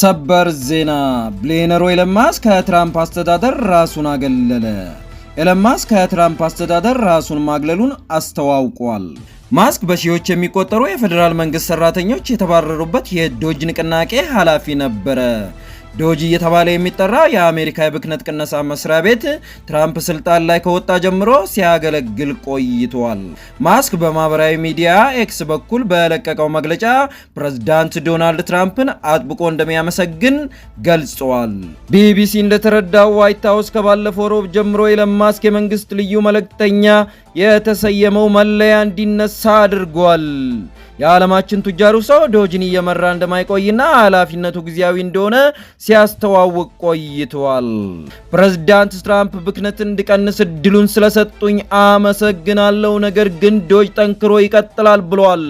ሰበር ዜና ቢሊየነሩ ኤለን ማስክ ከትራምፕ አስተዳደር ራሱን አገለለ። ኤለን ማስክ ከትራምፕ አስተዳደር ራሱን ማግለሉን አስተዋውቋል። ማስክ በሺዎች የሚቆጠሩ የፌዴራል መንግስት ሰራተኞች የተባረሩበት የዶጅ ንቅናቄ ኃላፊ ነበረ። ዶጂ እየተባለ የሚጠራ የአሜሪካ የብክነት ቅነሳ መስሪያ ቤት ትራምፕ ስልጣን ላይ ከወጣ ጀምሮ ሲያገለግል ቆይቷል። ማስክ በማህበራዊ ሚዲያ ኤክስ በኩል በለቀቀው መግለጫ ፕሬዝዳንት ዶናልድ ትራምፕን አጥብቆ እንደሚያመሰግን ገልጿል። ቢቢሲ እንደተረዳው ዋይት ሃውስ ከባለፈው ሮብ ጀምሮ ኢለን ማስክ የመንግስት ልዩ መልእክተኛ የተሰየመው መለያ እንዲነሳ አድርጓል። የዓለማችን ቱጃሩ ሰው ዶጅን እየመራ እንደማይቆይና ኃላፊነቱ ጊዜያዊ እንደሆነ ሲያስተዋውቅ ቆይተዋል። ፕሬዝዳንት ትራምፕ ብክነት እንድቀንስ እድሉን ስለሰጡኝ አመሰግናለሁ፣ ነገር ግን ዶጅ ጠንክሮ ይቀጥላል ብሏል።